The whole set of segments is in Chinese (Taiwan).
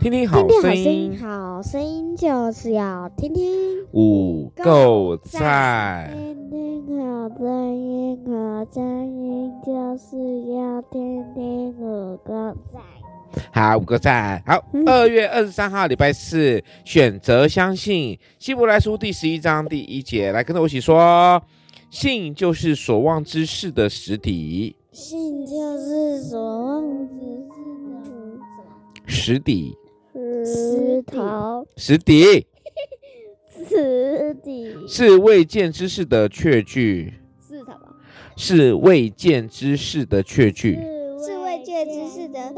聽聽好聲音，音，好聲音，音就是要聽聽五個讚，聽聽好聲音，好聲音就是要聽聽五個讚，好五個讚好。二月二十三號禮、嗯、拜四，選擇相信希伯來書第十一章第一節，來跟着我一起說：信就是所望之事的實底，信就是所望之事的實底。嗯實體石頭，石底，石底是未見之事的確據，是他吧？是未見之事的確據，是未見之事的。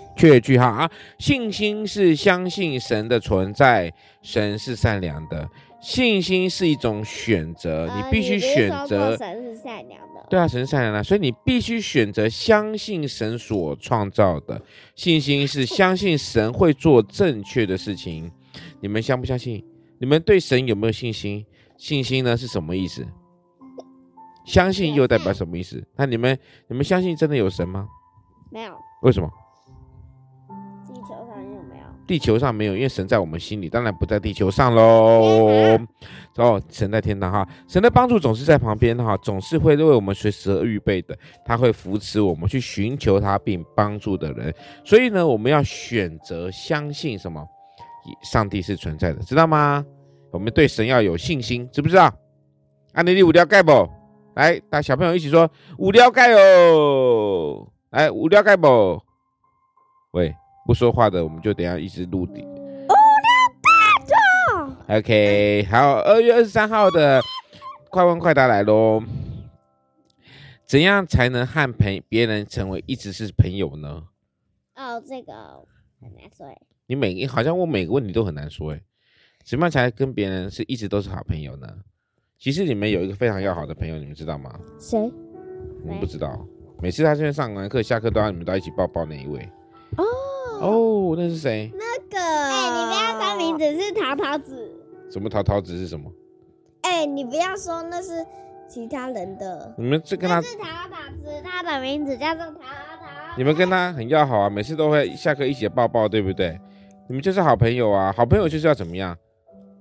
確句哈啊！信心是相信神的存在，神是善良的。信心是一種選擇，呃，你必須選擇神是善良的。對啊，神是善良的，所以你必須選擇相信神所創造的。信心是相信神會做正確的事情。你們相不相信？你們對神有沒有信心？信心呢是什麼意思？相信又代表什麼意思？那你們你們相信真的有神嗎？沒有。為什麼？地球上沒有，因為神在我們心裡，當然不在地球上嘍。哦、oh，神在天堂哈，神的幫助總是在旁邊哈，總是會為我們隨時而預備的，他會扶持我們去尋求他並幫助的人。所以呢，我們要選擇相信什麼？上帝是存在的，知道嗎？我們對神要有信心，知不知道？安德你五聊蓋不？來，大小朋友一起說五聊蓋哦，來，五聊蓋不？喂。不說話的，我們就等一下一直錄底。OK，好。二月二十三號的快問快答來嘍。怎樣才能和朋別人成為一直是朋友呢？哦，這個很難說。你每個好像我每個問題都很難說哎。怎麼樣才跟別人是一直都是好朋友呢？其實你們有一個非常要好的朋友，你們知道嗎？誰？我們不知道。每次他這邊上完課下課，都要你們到一起抱抱那一位。哦，那是誰？那個，哎，你不要說名字是桃桃子。什麼桃桃子是什麼？哎，你不要說那是其他人的。你們是跟他，他是桃桃子，他的名字叫做桃桃。你們跟他很要好啊，每次都會下課一起抱抱，對不對？你們就是好朋友啊，好朋友就是要怎麼樣？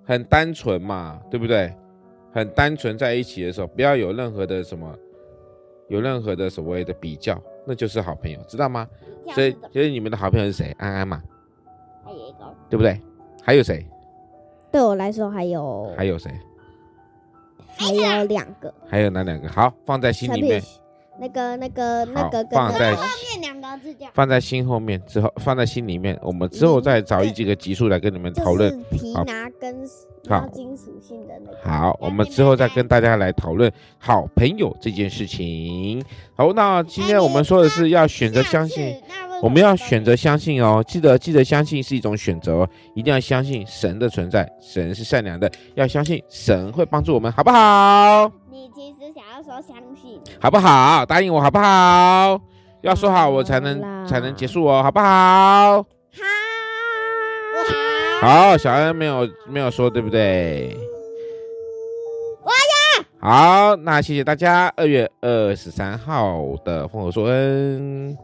很單純嘛，對不對？很單純在一起的時候，不要有任何的什麼，有任何的所謂的比較。那就是好朋友，知道嗎？所以，所以你們的好朋友是誰？安安嘛，還有一個，對不對？還有誰？對我來說，還有還有誰？還有兩個，還有哪兩個？好，放在心裡面。那個、那個、那個，放在後面放在，放在心後面之後，放在心裡面。我們之後再找一幾個集數來跟你們討論。好，拿根。好金屬性的那個。好、嗯，我們之後再跟大家來討論好朋友這件事情。好，那今天我們說的是要選擇相信，我們要選擇相信哦。記得記得相信是一種選擇，一定要相信神的存在，神是善良的，要相信神會幫助我們，好不好？你其實想要說相信，好不好？答應我好不好？要說好我才能才能結束哦，好不好？好，小恩沒有沒有說，對不對？我好，那謝謝大家，二月二十三號的豐禾碩恩。